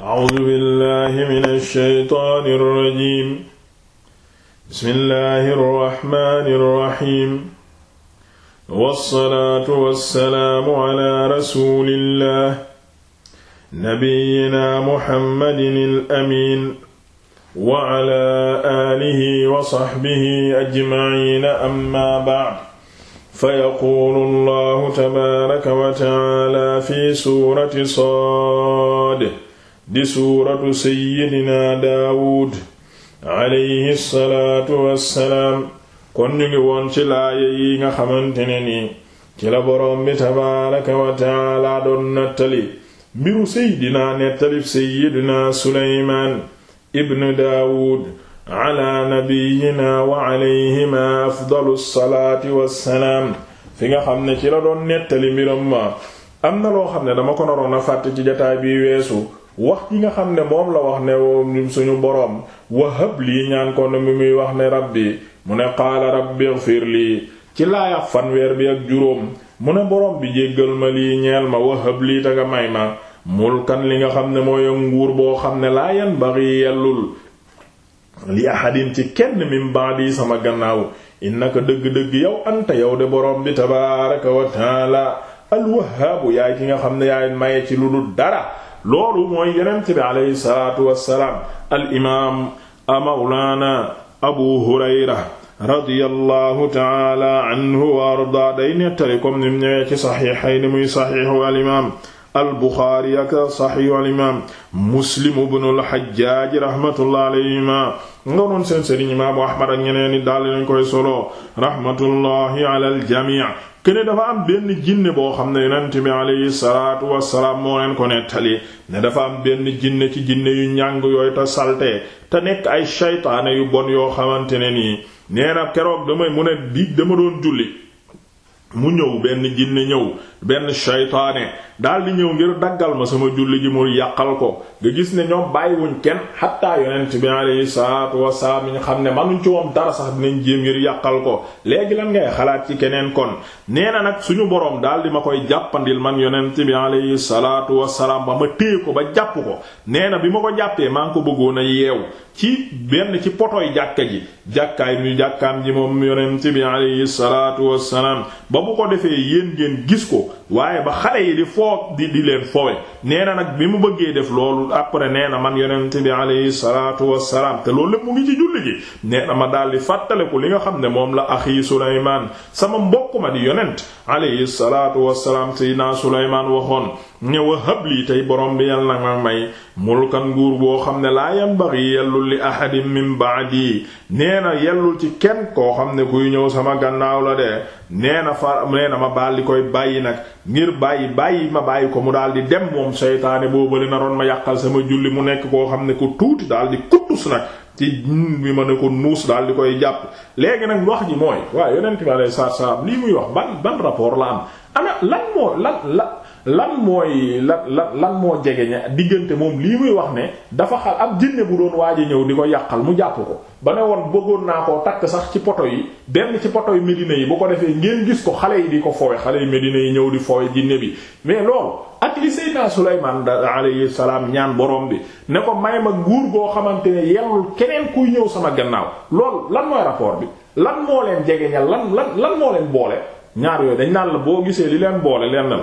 A'uuzu billaahi mina shaytaani rajiim. Bismillaahi rahmaani rahiim. Wassalaatu wassalaamu alaa rasuulillaah. Nabiyyinaa Muhammadin al-amiin. Wa alaa aalihi wa sahbihi ajma'iin, ammaa ba'd. Fayaquulu Allaahu tabaaraka wa ta'aalaa fi suurati Saad. di suuratu seyyidina daawud alayhi salaatu wassalaam kon ñu ngi woon ci laaya yi nga xamante ni ci la boroom bi tabaaraka wa taala doon nettali mbiru seydinaa nettalib seyyidina suleymaan ibn daawud ala nabiyina wa alayhima afdalu salaati wassalaam fi nga xam ne ci la doon nettali mbiram ma am na loo xam ne dama ko naroon a fàtte ci jataay bi weesu wax ki nga xam ne moom la wax ne suñu boroom wahab lii ñaan ko ne muy wax ne bi mu ne qaala rabbi fiir lii ci laaya fanweer bi ak juróom mu ne boroom bi jéggal ma lii ñeel ma wahab lii ta nga may ma mulkan li nga xam ne mooy nguur boo xam ne laa yanbaghi yellul li ahadin ci kenn min ba'di sama gannaaw innaka dëgg-dëgg yow anta yow de boroom bi tabaaraka wa taala alwahaabu yaay ki nga xam ne yaay maye ci lu dul dara loolu mooy yenent bi aleyhi salaatu wassalaam al imaam mawlaana abu hurayra radiyallahu taala anhu wa arda day nettali comme ni mu ñëwee ci saxiixayni muy saxiixu al imaam albuxaari ak saxiix alimaam muslim ibnu alxajjaaj rahmatullah alayhima nga noon seen sëriñ imaamu ahmad ak ñeneen yi daal nañ koy solo rahmatullahi ala aljamii kene dafa am benn jinne boo xam ne yonent bi alayhi salaatu wassalaam moo leen ko ne dafa am benn jinne ci jinne yu ñàng yooyu te salte te nekk ay shaytaane yu bon yoo xamante ne nii nee na keroog damay mu ne biig dama doon julli mu ñëw benn jinne ñëw benn shaytaane daal di ñëw ngir daggal ma sama julli ji mu yàqal ko nga gis ne ñoom bàyyiwuñ kenn xataa yonent bi alayhi salaatu wasalaam yi nga xam ne manuñ ci woon dara sax dinañ jéem ngir yàqal ko léegi lan ngay xalaat ci keneen kon nee na nag suñu boroom daal di ma koy jàppandil man yonent bi alayhi salaatu wa salaam ba ma téye ko ba jàpp ko nee na bi ma ko jàppee maa ngi ko bëggoon a yeew ci benn ci potoy jàkka ji jàkkaay ñu jàkkaam ji moom yonent bi alayhi ba mu ko defee yéen ngeen gis ko waaye ba xale yi di foo di di leen fowe nee na nag bi mu bëggee def loolu après nee na man yonent bi alayhi salaatu wassalaam te loolu lépp mu ngi ci julli gi nee na ma daal di fàttaliku li nga xam ne moom la axi Sulaymaan sama mbokk ma di yonent alayhi salaatu wassalaam sayyidina Sulaymaan waxoon ne wa lii tey borom bi yal na ma may mulkan nguur boo xam ne laa yambaghi yellul li ahadin min ba'di nee na yellul ci kenn koo xam ne kuy ñëw sama gannaaw la de nee na fa nee na ma baal di koy bàyyi nag ngir bàyyi bàyyi ma bàyyi ko mu daal di dem moom seytaane boobale na roon ma yàqal sama julli mu nekk koo xam ne ko tuuti daal di kuttus nag ci bi ma ne ko nuus daal di koy jàpp léegi nag wax ji mooy waaw yonent bi alayhi salaam lii muy ana lan moo lan la lan mooy lan lan lan moo jegeñe diggante moom lii muy wax ne dafa xal ab jinne bu doon waaja ñëw di ko yàqal mu jàpp ko ba ne woon bëggoon naa koo takk sax ci poto yi benn ci poto yi Medina yi bu ko defee ngeen gis ko xale yi di ko foowe xale yi Medina yi ñëw di foowe jinne bi mais loolu ak li Seydina Sulaymaan da alayhi salaam ñaan borom bi ne ko may ma nguur goo xamante ne yellul keneen kuy ñëw sama gannaaw loolu lan mooy rapport bi lan moo leen jegeñal lan lan lan moo leen boole ñaar yooyu dañ naan la boo gisee li leen boole leen la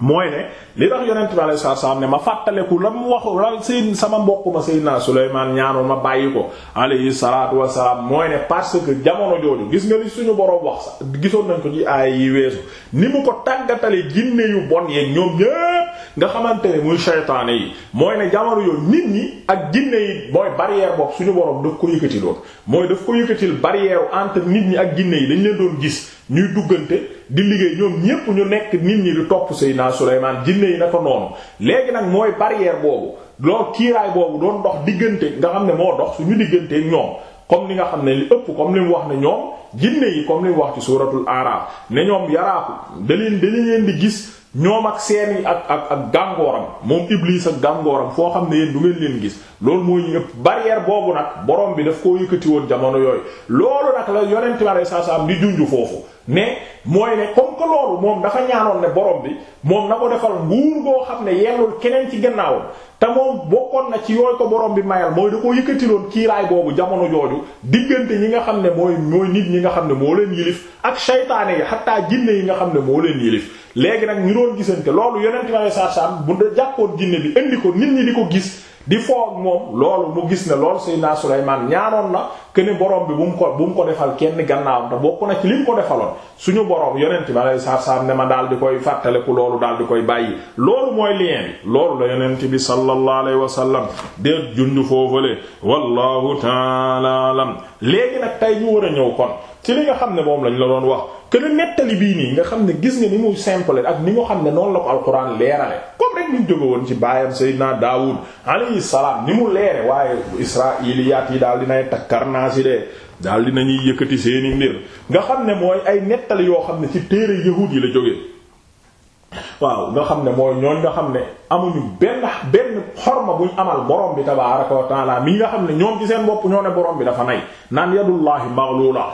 mooy ne li tax yonent bi alayhi salaam ne ma fàttaleku la mu waxu la seen sama mbokk ma Seydina Sulaymaan ñaanoon ma bàyyi ko alayhi salaatu wassalaam mooy ne parce que jamono jooju gis nga ni suñu boroom wax sax gisoon nañ ko ci aaya yi weesu ni mu ko tàggatale jinne yu bon yeeg ñoom ñëpp nga xamante ne muy shaytaane yi mooy ne jamono yooyu nit ñi ak jinne yi mooy barrière boobu suñu borom daf ko yëkkati lool mooy daf ko yëkkatil barrière entre nit ñi ak jinne yi dañ leen doon gis ñuy duggante di liggéey ñoom ñépp ñu nekk nit ñi di topp Seydina Souleymane jinne yi na ko noonu léegi nag mooy barrière boobu loolu kiiraay boobu doon dox diggante nga xam ne moo dox suñu digganteeg ñoom comme li nga xam ne li ëpp comme li mu wax ne ñoo jinne yi comme li wax ci suuratul Aaraaf di gis. ñoom ak seeni ak ak ak gàngooram moom Iblis ak gàngooram foo xam ne yéen du ngeen leen gis loolu mooy ñëpp barrière boobu nag borom bi daf koo yëkkati woon jamono yooyu loolu nag la yonent bi aleyhi salaatu salaam di junj foofu mais mooy ne comme que loolu moom dafa ñaanoon ne borom bi moom na ko defal nguur boo xam ne yellul keneen ci gannaaw te moom bokkoon na ci yooy ko borom bi mayal mooy da koo yëkkatiloon kiiraay boobu jamono jooju diggante ñi nga xam ne mooy mooy nit ñi nga xam ne moo leen yilif ak saytaane yi xataa jinne yi nga xam ne moo leen yilif léegi nag ñu doon gisante loolu yonent ma ne sarsam bu da jàppoon jinne bi indi ko nit ñi di ko gis di foog moom loolu mu gis ne lool loolu Seydina Sulaymaan ñaanoon la këne borom bi bu mu ko bu mu ko defal kenn gannaawam te bokk na ci li mu ko defaloon suñu borom yonent bi alayhi salaam ne ma daal di koy fàttaliku loolu daal koy bàyyi. loolu mooy lien bi loolu la yonent bi sallallahu alayhi wa sallam déet junj foofule wallahu taala alam léegi nag tey ñu ñëw kon. ci li nga xam ne moom lañu la doon wax que ne nettali bii nii nga xam ne gis nga ni mu simple ak ni nga xam ne noonu la ko alxuraan leerale comme rek ñu jóge woon ci baayam Seydina Daawud alayhi salaam ni mu leere waaye israiliyaat yi daal dinay takkarnaasi de daal dinañuy yëkkati seeni mbir nga xam ne mooy ay nettali yoo xam ne ci téere yahuud yi la jóge waaw nga xam ne mooy ñooñ nga xam ne amuñu benn benn xorma buñ amal borom bi tabaaraka wa taala mi nga xam ne ñoom ci seen bopp ñoo ne borom bi dafa nay naan yadullahi maghluula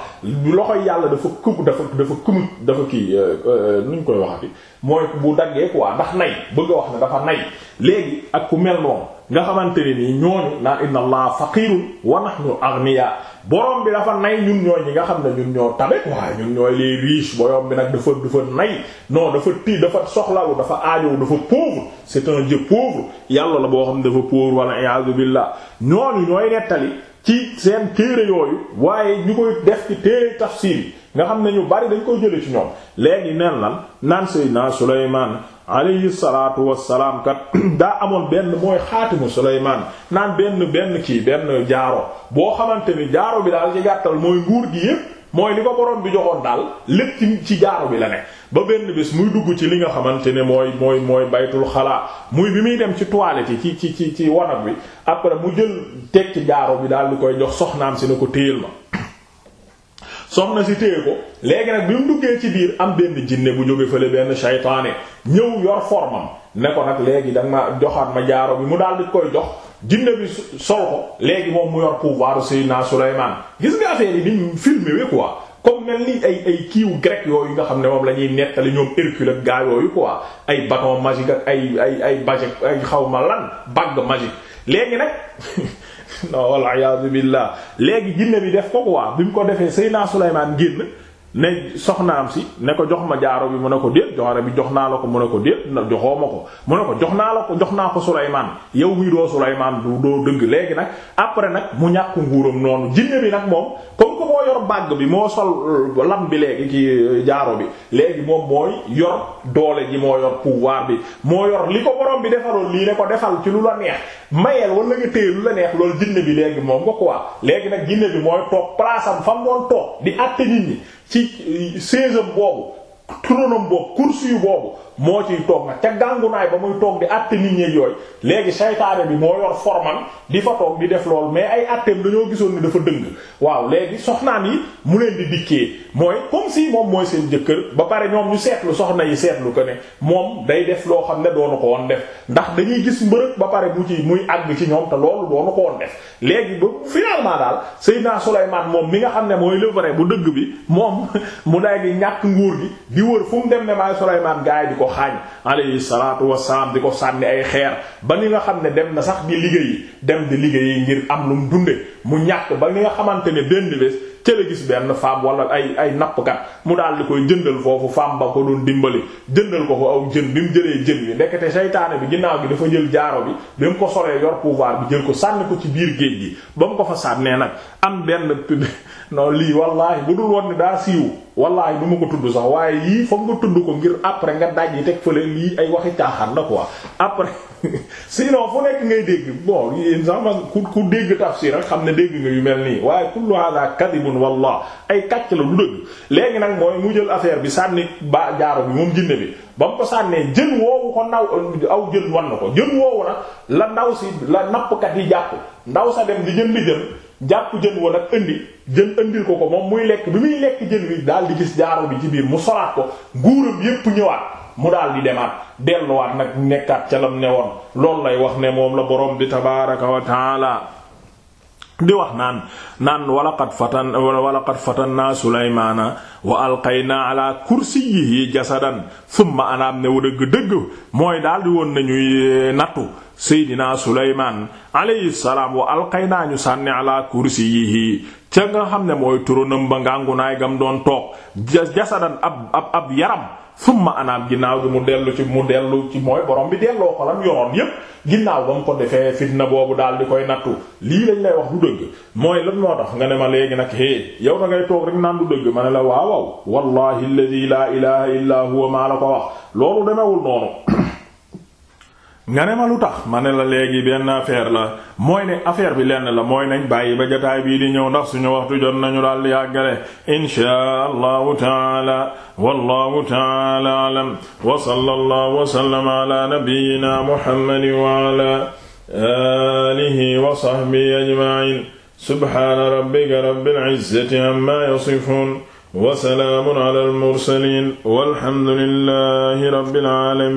loxo yàlla dafa kub dafa dafa kumut dafa kii euh, euh, nuñ koy waxati mooy bu daggee quoi ndax nay bëgg a wax ne dafa nay léegi ak ku mel noonu nga xamante ne nii ñooñu naan inna allaha faqiirun wa nahnu aghniyaa borom bi dafa nay ñun ñooy ñi nga xam ne ñun ñoo tabe waaye ñun ñooy les riches borom bi nag dafa dafa nay non dafa ti dafa soxlawu dafa aajowu dafa pauvre c'est un Dieu pauvre yàlla la boo xam ne dafa pauvre wala iyaazu billah ñooñu ñooy nettali ci seen téere yooyu waaye ñu koy def ci téere tafsir yi nga xam na ñu bari dañ koy jële ci ñoom léegi neen lan naan Seydina Sulaymaan alayhi salaatu wassalaam kat daa amoon benn mooy xaatimu Sulaymaan naan benn benn kii benn jaaro boo xamante ni jaaro bi daal ci gàttal mooy nguur gi yépp mooy li ko borom bi joxoon daal lépp ci jaaro bi la ne ba benn bés muy dugg ci li nga xamante ne mooy mooy mooy baytul xalaa muy bi muy dem ci toilette yi ci ci ci ci wanag bi après mu jël teg ci jaaro bi daal di koy jox soxnaam si ne ko téyel ma soxna si téye ko léegi nag bi mu duggee ci biir am benn jinne bu jóge fële benn shaytaane ñëw yor formam ne ko nag léegi danga ma joxaat ma jaaro bi mu daal di koy jox jinne bi sol ko léegi moom mu yor pouvoir Seydina Souleymane gis nga affaire yi niñ filmé ko quoi comme mel ni ay ay kiiw grec yooyu nga xam ne moom la ñuy nettali ñoom Hercule ak gaa yooyu quoi ay bâton magique ak ay ay ay baje ay xaw ma lan bague magique léegi nag non wal iyaadu billah léegi jinne bi def ko quoi bi mu ko defee Seydina Sulaymaan génn ne soxnaam si ne ko jox ma jaaro bi mu ne ko déet jaaro bi jox naa la ko mu ne ko déet joxoo ma ko mu ne ko jox naa la ko jox naa ko Souleymane yow mii doo Souleymane du doo dëgg léegi nag après nag mu ñàkk nguuram noonu jinne bi nag moom comme que yor bàgg bi moo sol lam bi léegi ki jaaro bi léegi moom mooy yor doole ji moo yor bi moo yor li ko borom bi defaloon lii ne ko defal ci lu la neex mayeel wala nga téye lu la neex loolu jinne bi léegi moom nga quoi léegi nag jinne bi mooy toog place am fa mu toog di àtte nit ñi ci euh, séesam boobu turanam boobu kursi yu boobu moo ci toog nag ca gàngunaay ba muy toog di àtte nit ñi yooyu léegi saytaane bi moo yor forman di fa toog di def lool mais ay àtteem dañoo gisoon ni dafa dëng waaw léegi soxnaam yi mu leen di dikkee mooy comme si moom mooy seen jëkkër ba pare ñoom ñu seetlu soxna yi seetlu ko ne moom day def loo xam ne doonu ko woon def ndax dañuy gis mbërëg ba pare mu ci muy àgg ci ñoom te loolu doonu ko woon def léegi ba finalement daal Seydina Souleymane moom mi nga xam ne mooy le bu dëgg bi moom mu day gi ñàkk nguur gi di wër fu dem ne maay Souleymane gaay bi ko xaañ alayhi salaatu wasalaam di ko sànni ay xeer ba ni nga xam ne dem na sax di liggéeyi dem di liggéeyi ngir am lu mu dunde mu ñàkk ba ni nga xamante ne benn bés ca la gis benn femme wala ay ay nappkat mu daal di koy jëndal foofu femme ba ko doon dimbali jëndal ko ko aw jën bi mu jëlee jën bi ndekete seytaane bi ginnaaw gi dafa jël jaaro bi bi mu ko solee yor pouvoir bi jël ko sànni ko ci biir géej gi ba mu ko fa sànnee nag am benn non lii wallaahi bu dul woon ni daal siiw wallaahi du ma ko tudd sax waaye yii foog nga tudd ko ngir après nga daj yi teg fële lii ay waxi na la quoi après. sinon fu nekk ngay dégg bon yéen sax ku ku dégg tafsir rek xam ne dégg nga yu mel nii waaye kullu hada kadibun wallah ay kàcc la du dëgg léegi nag mooy mu jël affaire bi sànni ba jaaro bi moom jinne bi ba mu ko sànnee jën woowu ko naw aw jën wan na ko jën woowu nag la ndaw si la nappkat yi jàpp ndaw sa dem di jën bi jën jàpp jën woon ak indi jën indil ko ko moom muy lekk bi muy lekk jën wi daal di gis jaaro bi ci biir mu solaat ko nguuram yépp ñëwaat mu daal di demaat delluwaat nag nekkaat ca lam ne woon loolu lay wax ne moom la borom bi tabaaraka wa di wax naan naan walaqad fatan walaqad fatannaa sulaymaana wa alqaynaa alaa kursiyyihi jasadan summa anaam ne wu dëgg-dëgg mooy daldi woon nañuy e, nattu seydinaa sulaymaan alayhi salaam wa alqaynaa ñu sànni alaa kursiyyihi ca nga xam ne mooy turonam ba ngangunaay gam doon toog jasadan ab ab ab yaram summa anaam ginnaaw bi mu dellu ci mu dellu ci mooy borom bi delloo ko lam yoroon yépp ginnaaw ba mu ko defee fitna boobu daal di koy nattu lii lañ lay wax du dëgg mooy lan moo tax nga ne ma léegi nag hé yow da ngay toog rek naan du dëgg ma ne la waaw waaw wallahi alladhi la ilaha illa huwa maa la ko wax loolu demewul noonu nga ne ma lu tax ma ne la léegi benn affaire la mooy ne affaire bi lenn la mooy nañ bàyyi ba jotaay bii di ñëw ndax suñu waxtu jot nañu daal di yàggale inshaa allahu taala wallahu taala alam wa sallallahu wa sallama ala nabiyyina muhammadin wa ala alihi wa sahbihi ajma'in subhana rabbika rabbil izzati amma yasifun wa salaamun ala al mursalin walhamdulillahi rabbil alamin